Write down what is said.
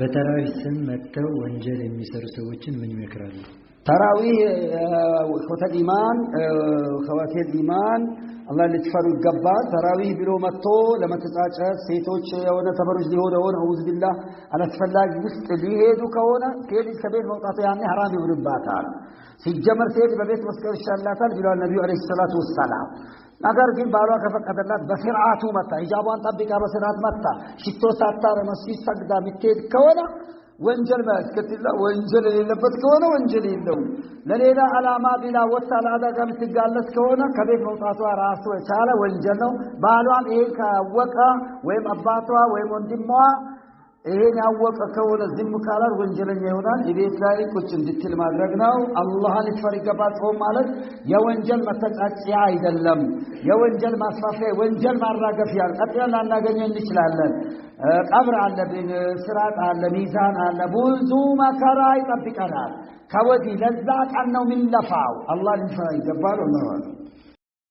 በተራዊህ ስም መጥተው ወንጀል የሚሰሩ ሰዎችን ምን ይመክራሉ? ተራዊህ ኮተል ኢማን ከዋቴል ኢማን አላህ ልትፈሩ ይገባል። ተራዊህ ቢሮ መጥቶ ለመተጫጨት ሴቶች የሆነ ተበሩጅ ሊሆነ ሆነ አውዝ ቢላህ አላስፈላጊ ውስጥ ሊሄዱ ከሆነ ሴት ከቤት መውጣቱ ያኔ ሐራም ይሆንባታል። ሲጀመር ሴት በቤት መስቀል ይሻላታል ብለዋል ነቢዩ ዓለይሂ ሰላቱ ወሰላም። ነገር ግን ባሏ ከፈቀደላት በስርዓቱ መታ፣ ሂጃቧን ጠብቃ በስርዓት መታ፣ ሽቶ ሳታረ መስጂድ ሰግዳ የምትሄድ ከሆነ ወንጀል ማያስከትላ ወንጀል የሌለበት ከሆነ ወንጀል የለውም። ለሌላ አላማ ቢላ ወጣ ለአደጋ የምትጋለጥ ከሆነ ከቤት መውጣቷ ራሱ የቻለ ወንጀል ነው። ባሏም ይሄን ካወቀ ወይም አባቷ ወይም ወንድሟ ይሄን ያወቀ ከሆነ ዝም ካላል ወንጀለኛ ይሆናል። የቤት ላይ ቁጭ እንድትል ማድረግ ነው። አላህን ልትፈር ይገባል። ጾም ማለት የወንጀል መተጫጭያ አይደለም፣ የወንጀል ማስፋፊያ፣ ወንጀል ማራገፊያ። ቀጥለን ላናገኘው እንችላለን። ቀብር አለ፣ ስራጥ አለ፣ ሚዛን አለ፣ ብዙ መከራ ይጠብቀናል። ከወዲህ ለዛ ቀን ነው የሚለፋው። አላህን ልንፈራ ይገባል።